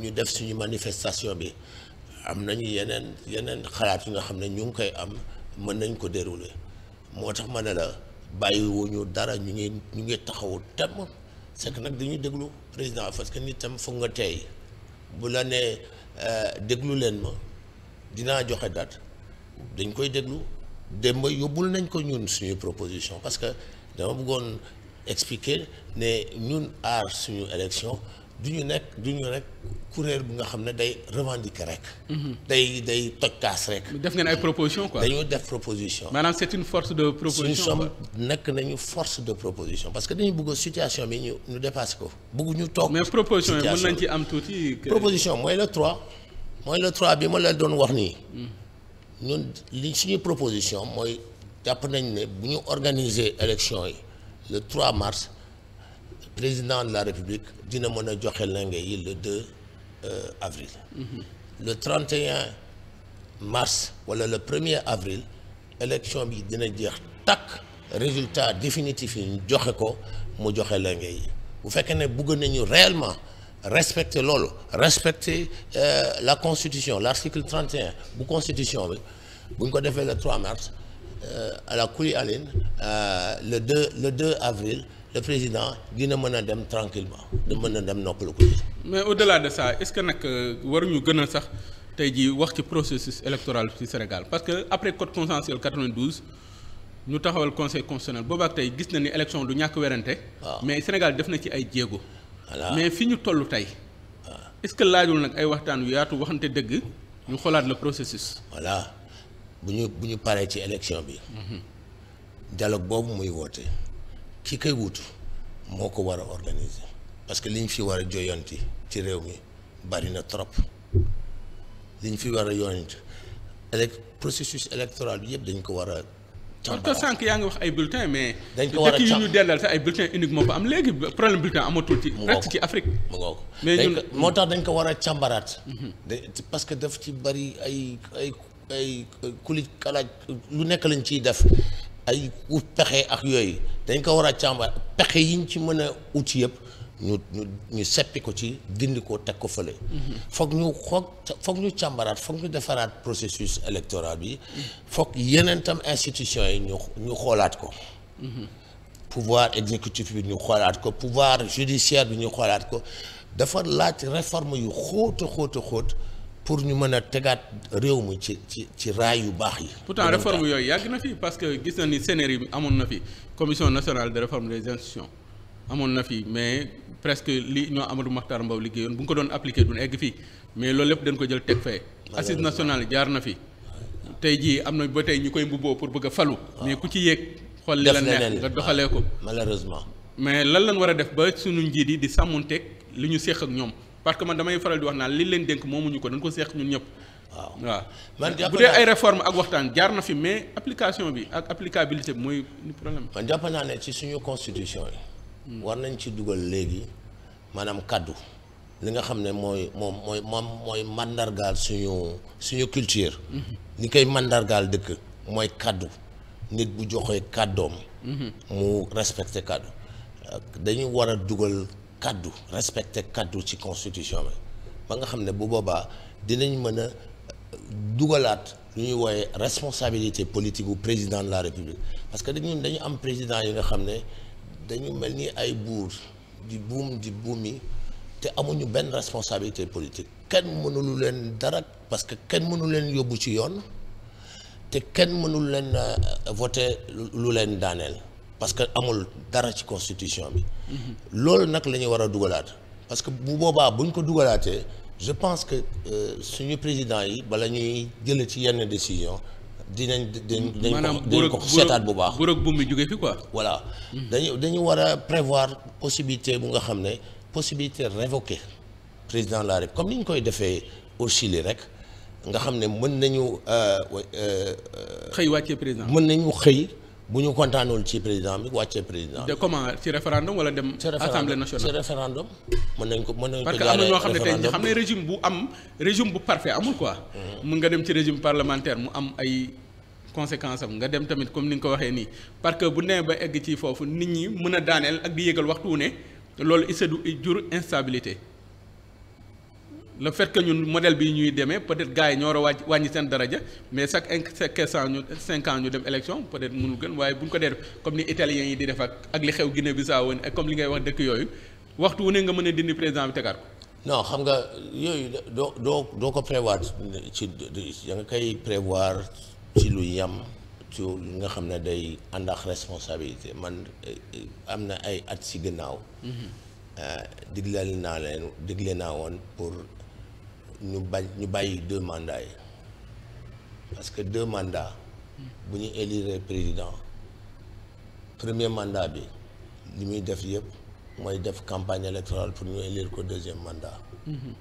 ñu def suñu manifestation bi am nañu yeneen yeneen xalaat yu nga xam ne ñu ngi koy am mën nañ ko dérouler moo tax ma ne la bàyyiwuñu dara ñu ngi ñu ngi taxawu tem c'est que nag dañuy déglu président parce que nit tam foog nga tey bu la nee euh, déglu leen ma dinaa joxe dat dañ koy déglu démb yóbbul nañ ko ñun suñu proposition parce que dama bëggoon expliquer ne ñun aar suñu élection du ñu nekk du ñu rek kuréel bu nga xam ne day revendiquer rek. Mhm. day day toj kaas rek. def ngeen ay proposition quoi. dañoo def proposition. maanaam c'est une force de proposition. suñu nekk nañu force de proposition parce que dañu bëgg situation bi ñu ñu dépassé ko. bëgg ñu toog mais proposition yi mën nañ ci am mooy le 3 mooy le trois bi ma la doon wax nii. Mhm. ñun li suñu proposition mooy jàpp nañ ne bu ñu organiser élection yi le 3 mars. président de la république dina mën a joxe lenge yi le 2 euh, avril mm-hmm. le 31 mars wala le premier er avril élection bi dina jeex takk résultat définitif yi ñu joxe ko mu joxe lenge yi bu fekkee ne bëgg nañu réellement respecter loolu respecter euh, la constitution l'article 31 bu constitution bi buñ ko defee le 3 mars euh, à la kuli aline le 2 le 2 avril le président dina mën a dem tranquillement da mën a dem noppalu ko ci. mais au delà de ça est ce que nag euh, waruñu gën a sax tey jii wax ci processus électoral ci Sénégal parce que après code consensuel 92 ñu taxawal conseil constitutionnel boobaak tey gis na ni élection du ñàkk werante ah. mais Sénégal def na ci ay jéego. mais fi ñu toll tey. Ah. est ce que laajul nag ay waxtaan yu yaatu waxante dëgg ñu xoolaat le processus. voilà bu ñu bu ñu paree ci élection bi. Mhm. dialogue boobu muy woote. ki koy wutu moo ko war a organiser parce que li ñu fi war a joyanti ci réew mi bari na trop li ñu fi war a yoonit élect processus électoral bi yëpp dañ ko war a. càmbar parce que yaa ngi wax ay bulletins mais. dañ ko war a ñu dellal sax ay bulletins unique moo fa am léegi problème bulletin amatul ci. rek ci Afrique. mu mais moo tax dañ ko war a càmbaraat. Mhm. parce que daf ci bari ay ay ay kuli kalaaj lu nekk lañ ciy def ay ut pexe ak yooyu dañ ko war a càmbar pexe yi ñu ci mën a ut yëpp ñu ñu ñu seppi ko ci dindi ko teg ko fële. Mm-hmm. foog ñu xoog foog ñu càmbaraat foog ñu defaraat processus électoral bi foog yeneen tam institution yi ñu ñu xoolaat ko. Mm-hmm. pouvoir exécutif bi ñu xoolaat ko pouvoir judiciaire bi ñu xoolaat ko dafa laaj réforme yu xóot a xóot xóot. pour ñu mën a tegaat réew mi ci ci ci raay yu baax yi. pourtant réforme yooyu yàgg na fi parce que gis na ni scénario bi amoon na fi commission nationale de réforme des institutions amoon na fi mais presque li ñoo Amadou Makhtar Mbow liggéeyoon bu ñu ko doon appliqué duñ egg fi mais loolu lépp dañ ko jël teg fee. assise nationale jaar na fi. tey jii am na ba tey ñu koy mbubboo pour bëgg a falu. mais ku ci yéeg xool li la neex nga doxalee ko. malheureusement. mais lan lañ war a def ba su njiit yi di sàmmonteeg li ñu séq ak ñoom. parce que man damay faral di wax naan li leen dénk moomuñu ko dañ ko seeq ñun ñëpp. waaw waaw man jàpp bu dee ay réforme ak waxtaan jaar na fi mais application bi ak applicabilité bi mooy problème man jàpp naa ne ci suñu constitution yi. Hmm. war nañ ci dugal léegi maanaam kàddu li nga xam ne mooy moom mooy moom mooy mandargaal suñu suñu culture. Hmm. ni koy mandargaal dëkk mooy kàddu nit bu joxee kàddoom hmm. mu respecté kaddu dañu war a dugal. kaddu respecté kàddu ci constitution bi ba nga xam ne bu boobaa dinañ mën a euh, dugalaat lu ñuy wooye responsabilité politique bu président de la république parce que dañun dañu am président yi nga xam ne dañu mel ni ay buur di buum di buum yi te amuñu benn responsabilité politique kenn mënulu leen dara parce que kenn mënu leen yóbbu ci yoon te kenn mënul leen euh, voter lu leen daaneel parce que amul dara ci constitution bi. loolu nag la ñu war a dugalaat parce que bu boobaa buñ ko dugalaatee je pense que euh, suñu président yi bala ñuy jëlee ci yenn décision dinañ. dinañ dinañ ko seetaat bu baax. burëg bu mu jógee fi quoi. voilà dañu dañu war a prévoir possibilité bu nga xam ne possibilité révoquer président de la République comme ni ñu koy defee au Chili rek. nga xam ne mën nañu. Euh, euh, xëy wàccee président mën nañu xëy. bu ñu kontaanul ci président bi wàccee président bi. de comment ci référendum wala dem. assemblée nationale ci référendum. mën nañ ko mën nañ am na ñoo xam ne tey xam ne régime bu am régime bu parfait amul quoi. mën mm-hmm. nga dem ci régime parlementaire mu am ay conséquence am nga dem tamit comme ni nga ko waxee nii parce que bu nee ba egg ci foofu nit ñi mën a daaneel ak di yëgal waxtu ne loolu it du jur instabilité. le fait ñu ñun modèle bi ñuy demee peut-être gars yi ñoo war a wàññi seen daraja mais chaque cinq ans ñu cinq ans ñu dem élection peut gën waaye bu ñu ko dee def comme ni italiens yi di def ak ak li xew Guinée-Bissau woon ak comme li ngay wax dëkk yooyu waxtu wu ne nga mën a dindi président bi tegaat ko. non xam nga yooyu doo doo doo ko prévoir ci da nga koy prévoir ci lu yam ci li nga xam ne day ànd ak responsabilité man eh, am na ay at si gannaaw. Mm-hmm. Euh, digleel naa leen digle naa woon pour. ñu bañ ñu bàyyi deux mandats yi parce que deux mandats bu ñu élire président premier mandat bi li muy def yëpp mooy def campagne électorale pour ñu élire ko deuxième mandat mm-hmm.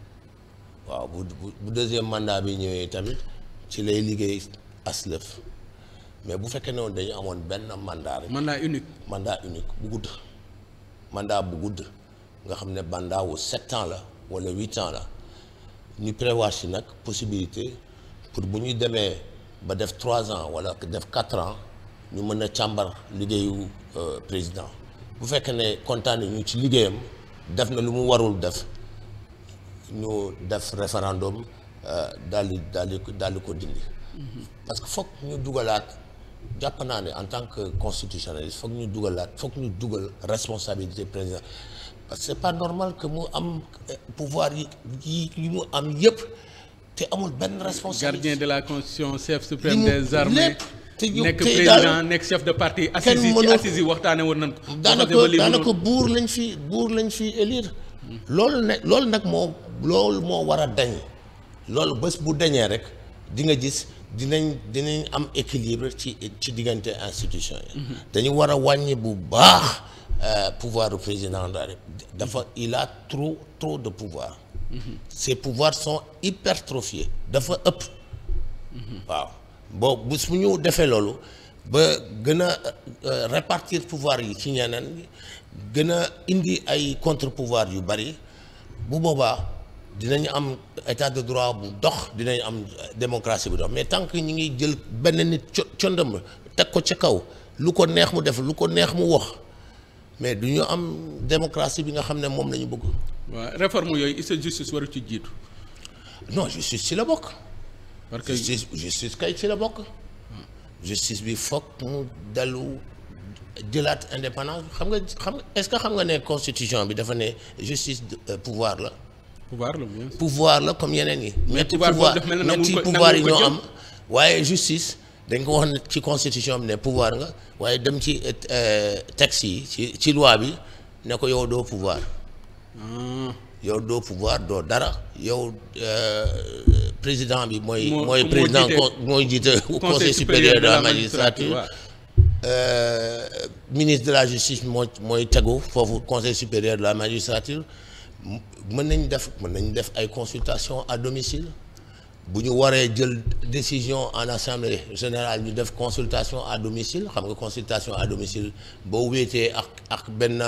waaw bu bu deuxième mandat bi ñëwee tamit ci lay liggéey aslëf mais bu fekkee ne woon dañu amoon benn mandat rek mandat unique mandat unique bu gudd mandat bu gudd nga xam ne mandat wu sept ans la wala huit ans la ñu prévoir si nag possibilité pour bu ñu demee ba def trois ans wala def quatre ans ñu mën a càmbar liggéeyu euh, président bu fekkee ne kontaan ñu ci liggéeyam def na lu mu warul def ñu def référendum euh, daal di daal di daal di ko dindi. parce que foog ñu dugalaat jàpp naa ne en tant que constitutionnaliste foog ñu dugal dugalaat foog ñu dugal responsabilité président. parce que c'est pas normal que mu am euh, pouvoir yi yi mu am yëpp te amul benn responsabilité. gardien de la constitution chef suprême des armées te ñu nekk président nekk chef de parti. kenn mënul assise assise yi waxtaanee woon nañ ko. daanaka daanaka buur lañ fi buur lañ fi élire. loolu ne loolu nag moo loolu moo war a dañ loolu bés bu dañee rek di nga gis dinañ dinañ am équilibre ci ci diggante institution yi. Mhm. dañu war a wàññi bu baax. Euh, pouvoir du président de la République dafa il a trop trop de pouvoir ces mm-hmm. pouvoirs sont hypertrophiés dafa ëpp mm-hmm. waaw boo bu su ñu defee loolu ba gën a euh, euh, répartir pouvoir yi ci ñeneen gën a indi ay contre pouvoir yu bari bu boobaa dinañu am état de droit bu dox dinañu am démocratie bu dox mais tant que ñu ngi jël benn nit co condam teg ko ca kaw lu ko neex mu def lu ko neex mu wax mais du ñu am démocratie bi nga xam ne moom la ñu bëgg. waaw réforme yooyu est-ce justice ci jiitu. non justice ci la bokk. parce que justice justice kay ci la bokk. justice bi foog mu dellu jëlaat indépendance xam nga xam nga est-ce que xam nga ne constitution bi dafa ne justice euh, pouvoir la. pouvoir la pouvoir la comme yeneen yi. ñetti pouvoir ñetti pouvoir yi ñoo am waaye justice. dañ ko wax ci constitution bi ne pouvoir nga waaye dem ci euh, texte yi ci ci loi bi ne ko yow doo pouvoir hmm. yow doo pouvoir doo dara yow euh, président bi mooy mooy président mooy jiite conseil supérieur de la magistrature euh, ministre mooy tegu foofu conseil supérieur de la magistrature mën nañ def mën nañ def ay consultation à domicile bu ñu waree jël décision en assemblée général ñu def consultation à domicile xam nga consultation à domicile boo wéetee ak ak benn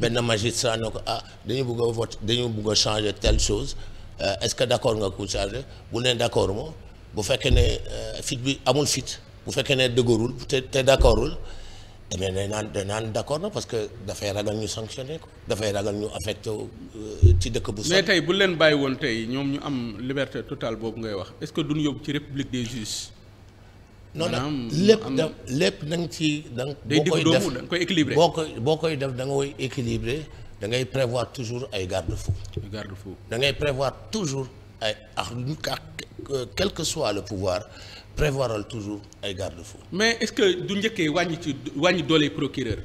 benn magistrat ne ko ah dañu bëgg a vote dañu bugg a changer telle chose euh, est-ce que d'accord nga ku changer bu neen d'accord moo bu fekkee ne euh, fit bi amul fit bu fekkee ne dëgërul te te d'accordul eh bien naan day naan d' accord na parce que dafay ragal ñu sanctionné ko dafay ragal ñu affecté euh, ci dëkk bu. mais tey bu leen bàyyi woon tey ñoom ñu am liberté totale boobu ngay wax est ce que duñ yóbbu ci république des juges. non nag lépp da lépp da nga ci da nga. boo koy def boo koy boo koy def da nga koy équilibré da prévoir toujours ay garde fou. ay garde da ngay prévoir toujours ay ah quel que soit le pouvoir. prévoiral toujours ay garde-fou. mais est-ce que du njëkkee wàññi ci wàññi doole procureur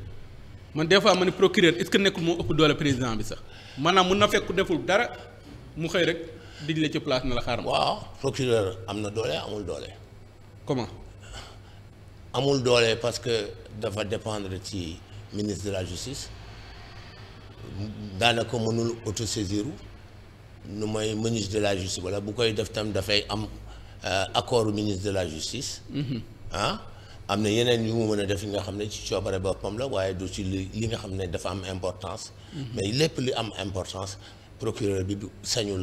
man des fois ma ne procureur est-ce que nekkul moo ëpp doole président bi sax maanaam mun na fekk deful dara mu xëy rek diñ la ci place na la xaaral. waaw procureur am na doole amul doole. comment. amul doole parce que dafa dépendre ci ministre de la justice daanaka mënul autosaisir nu mooy ministre de la justice wala bu koy def tam dafay am. Euh, accordu ministre de la justice. Mm-hmm. ah am na yeneen yu mu mën a def yi nga xam ne ci coobare boppam la waaye du ci li li nga xam ne dafa am importance. Mm-hmm. mais lépp li am importance procureur bi sañu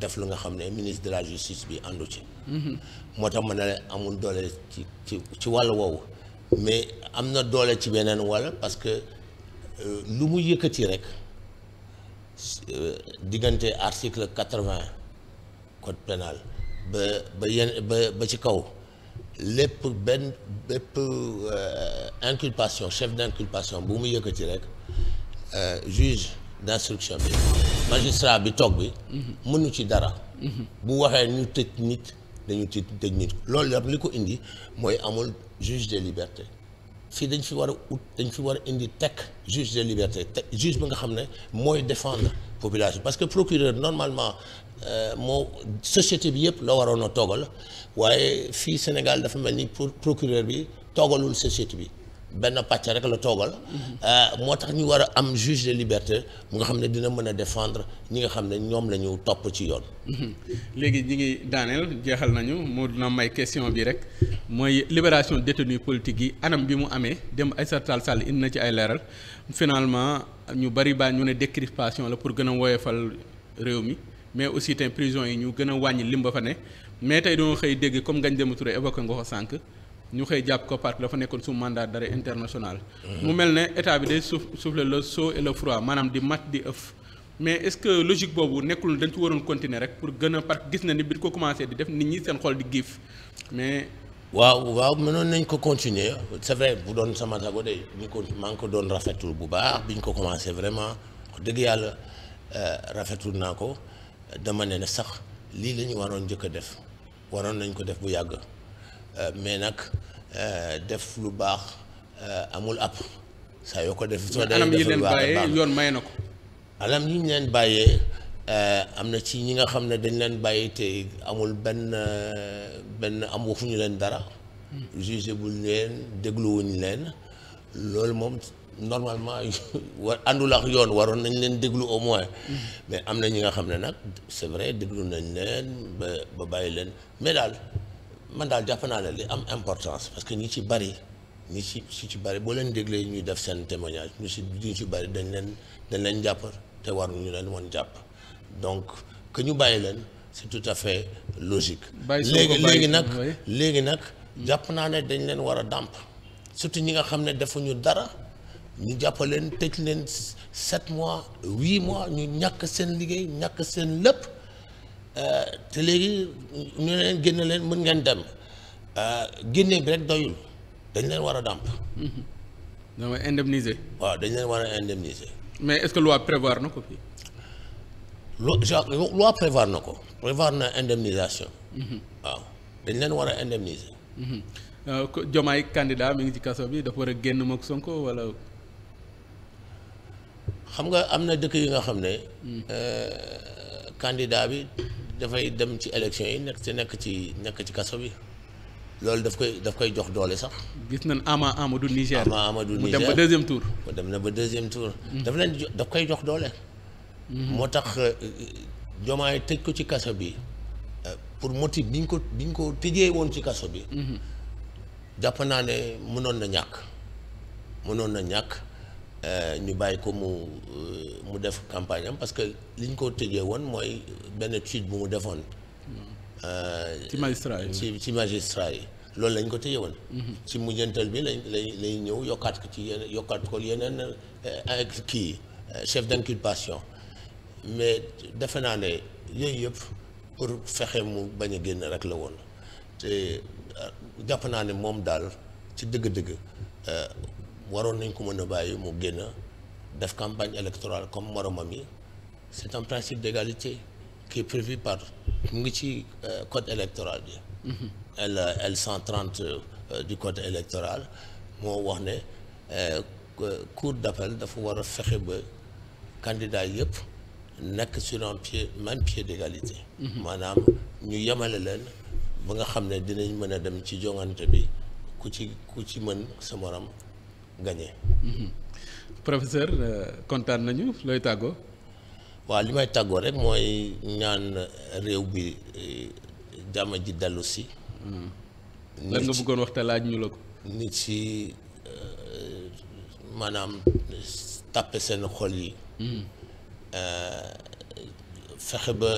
def lu nga xam ne ministre de la justice bi àndu ci. Mm-hmm. moo tax ma ne amul doole ci ci ci wàll woowu. mais am na doole ci beneen wàll parce que euh, lu mu yëkkati rek euh, diggante article quatre-vingt code pénal ba ba yen ba ci kaw lépp benn bépp euh, inculpation chef d'inculpation bu mu yëkkati rek euh, juge d'instruction bi magistrat bi toog bi mhm. mënu ci dara mhm. bu waxee ñu tëj nit dañu ci tëj loolu yëpp li ko indi mooy amul juge des libertés fii dañ fi war a ut dañ fi war a indi tek juge des libertés te juge bi nga xam ne mooy défendre population parce que procureur normalement Euh, moo société bi yëpp la waroon a toogal waaye fii Sénégal dafa mel ni pour procureur bi toogalul société bi benn pàcc rek la toogal. Euh, moo tax ñu war a am juge de liberté mu nga xam ne dina mën a défendre ñi nga xam ne ñoom la ñu topp ci yoon. Mhm. léegi ñi ngi daaneel jeexal nañu moo dina may question bi rek mooy libération détenu politique yi anam bi mu amee dem Aïssata Tall Sall indi na ci ay leeral finalement ñu bari baa ñu ne décrispation la pour gën a woyofal réew mi. mais aussi tey prison yi ñu gën a wàññi lim ba fa ne mais tey doo xëy dégg comme Ngagne Demba Touré évoqué nga ko sànq ñu xëy jàpp ko parce que dafa nekkoon sous mandat d'arrêt international. mu mel ne état bi day suuf souffle le chaud et le froid maanaam di mat di ëf. mais est-ce que logique boobu nekkul dañ ci waroon continuer rek pour gën a parce que gis na ni bi ko commencé di def nit ñi seen xol di giif mais. waaw waaw mënoon nañ ko continuer c'est vrai bu doon sama sago de ñu maa ngi ko doon rafetul bu baax bi ñu ko commencé vraiment dëgg yàlla euh, rafetul naa ko. dama ne ne sax lii la waroon njëkk a def waroon nañ ko def bu yàgg euh, mais nag euh, def lu baax euh, amul app saa yoo ko def. soo dee yoon may na ko. anam yi ñu leen bàyyee am na ci ñi nga xam ne dañ leen bàyyi te amul benn benn am waxuñu leen dara. Hmm. jugé buñ leen dégluwuñ leen loolu moom normalement war àndul ak yoon waroon nañ leen déglu au moins mais am na ñi nga xam ne nag c'est vrai déglu nañ leen ba ba bàyyi leen mais daal man daal jàpp naa ne li am importance parce que ñu ci bari ñi ci si ci bari boo leen déglee ñuy def seen témoignage ñu si ñu ci bari dañ leen dañ leen jàpp te ñu leen woon jàpp donc que ñu bàyyi leen c'est tout à fait logique léegi léegi nag léegi nag jàpp naa ne dañ leen war a dàmp surtout ñi nga xam ne defuñu dara ñu jàppaleen tëj leen sept mois huit mois ñu ñàkk seen liggéey ñàkk seen lépp euh, te léegi ñu ne leen génne leen mën ngeen dem euh, génne bi rek doyul dañ leen war a dàmp. Mm-hmm. dama indemniser. waaw dañ leen war a indemniser. mais est-ce que prévoir na ko fii. loo genre na ko. prévoir na indemnisation. Mm-hmm. waaw dañ leen war a indemniser. Mm-hmm. Euh, Diomaye candidat mi ngi ci kaso bi dafa war a génn mook Sonko wala. xam nga am na dëkk yi nga xam ne. kandidaa euh, bi dafay dem ci élection yi nekk ci nekk ci nekk ci kaso bi loolu daf koy daf koy jox doole sax. gis na Ama Amadou Niger. Ama Amadou Niger mu dem ba deuxième tour. mu dem na ba deuxième tour. Mm-hmm. daf leen daf koy jox doole. Mm-hmm. moo tax euh, euh, Diomaye tëj ko ci kaso bi pour motif bi ñu ko bi ñu ko tëjee woon ci kaso bi. Mm-hmm. jàpp naa ne mënoon na ñàkk mënoon na ñàkk. Euh, ñu bàyyi ko mu euh, mu def campagne am parce que li ñu ko tëjee woon mooy benn tweet bu mu defoon. Euh, ci magistrat yi ci ci loolu lañ ko tëjee woon. Mhm. ci mujjantal bi lañ lay lay ñëw yokkaat ko ci yeneen yokkaat ko yeneen ak kii chef d'inculpation mais defe naa ne yooyu yëpp pour fexe mu bañ a génn rek la woon te jàpp naa ne moom daal ci dëgg-dëgg. waroon nañ ko mën a bàyyi mu génn def campagne électorale comme moromam yi c' est un principe d' égalité qui est prévu par mu ngi ci euh, code électoral bi. Mm-hmm. Euh, L trente euh, du code électoral moo wax ne cour d' appel dafa war a fexe ba candidat yëpp nekk sur un pied même pied d' égalité. Mm-hmm. maanaam ñu yemale leen ba nga xam ne dinañ mën a dem ci joŋante bi ku ci ku ci mën sa morom. gagné. Mm-hmm. professeur euh, kontaan nañu looy tàggoo. waaw li may tàggoo rek mooy ñaan réew bi eh, jàmm ji dellu si. Mm-hmm. lan nga bëggoon wax te laaj ñu la ko. nit si eh, maanaam tàppe seen xol yi. Mm-hmm. Eh, fexe ba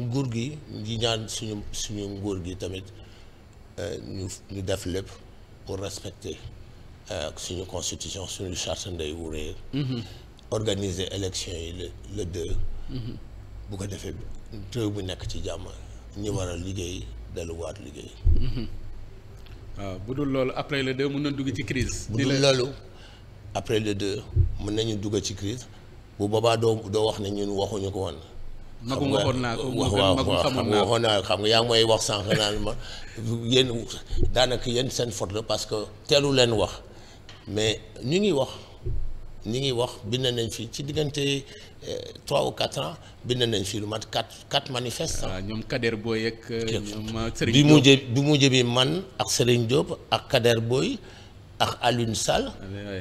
nguur gi di ñaan suñu suñu nguur gi tamit ñu ñu def lépp pour respecter. ak suñu constitution suñu charte ndey wu réer mhm. élection yi le le deux mhm. bu ko defee réew mi nekk ci jàmm ñi war a liggéey delluwaat liggéey mhm. waaw bu dul loolu après le deux mën na dugg ci crise bu dul loolu après le mën nañu dugg ci crise bu boobaa doo doo wax ne ñun waxuñu ko woon magum waxoon naa ko wax na waxoon naa xam nga yaa mooy wax sànq naan ma yéen daanaka yéen seen faute la parce que teelu leen wax mais ñu ngi wax ñu ngi wax bind nañ fi ci diggante eh, trois ou quatre ans bind nañ fi lu mat quatre quatre manifestes. ñoom Kader Boye ak euh, euh, bi mujj bi man ak Serigne Diop ak Kader Boye ak Alioune Sall.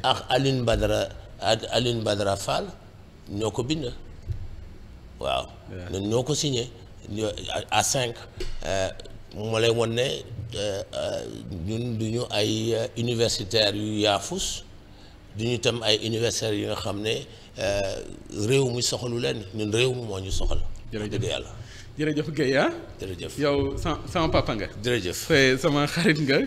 Ah, ak Alioune Badara ak ñoo ko bind. waaw ñoo ko signé à cinq. Euh, moo lay won ne euh, ñun du ñu ay euh, universitaires yu yaafus du ñu ay universitaires yi nga xam ne euh, réew mi soxalu leen ñun réew mi moo ñu soxal. jërëjëf dëgg yàlla. jërëjëf Guèye ah. jërëjëf yow sama papa nga. jërëjëf sama xarit nga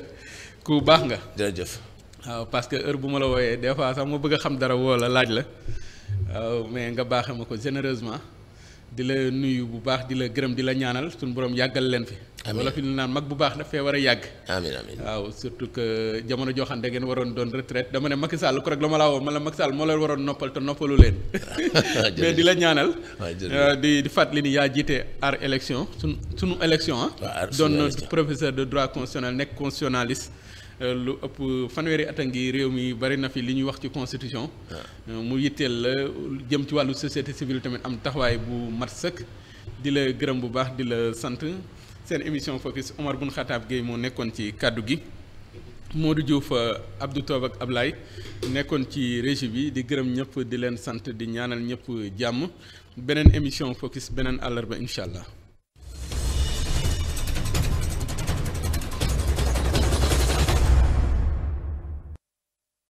ku baax nga. jërëjëf. waaw parce que heure bu ma la wooyee des fois sax ma bëgg a xam dara woo la laaj la waaw mais nga baaxe ma ko généreusement. di la nuyu bu baax di la gërëm di la ñaanal suñu boroom yàggal leen fi. amiin wala fi ñu naan mag bu baax daf fee war a yàgg. amiin waaw surtout que jamono joo xam ne da ngeen waroon doon retraite dama ne Macky Sall ko rek la ma laa woo ma la Macky Sall moo leen waroon noppal te noppalu leen. Ah, mais di la ñaanal. Ah, euh, di di fàttali ni yaa jiite aar élection sunu sunu élection ah. doon professeur de droit constitutionnel nekk constitutionnaliste. Euh, lu ëpp fanweeri at ngi réew mi bari na fi li ñuy wax ci constitution. Euh, mu yitteel la jëm ci wàllu société civile tamit am taxawaay bu mat sëkk. di la gërëm bu baax di la sant seen émission focus Omar Bun Xataab Gueye moo nekkoon ci kàddu gi. moo Modou Diouf euh, abdu toog ak Ablaye nekkoon ci régie bi di gërëm ñëpp di leen sant di ñaanal ñëpp jàmm beneen émission focus beneen àllarba incha allah.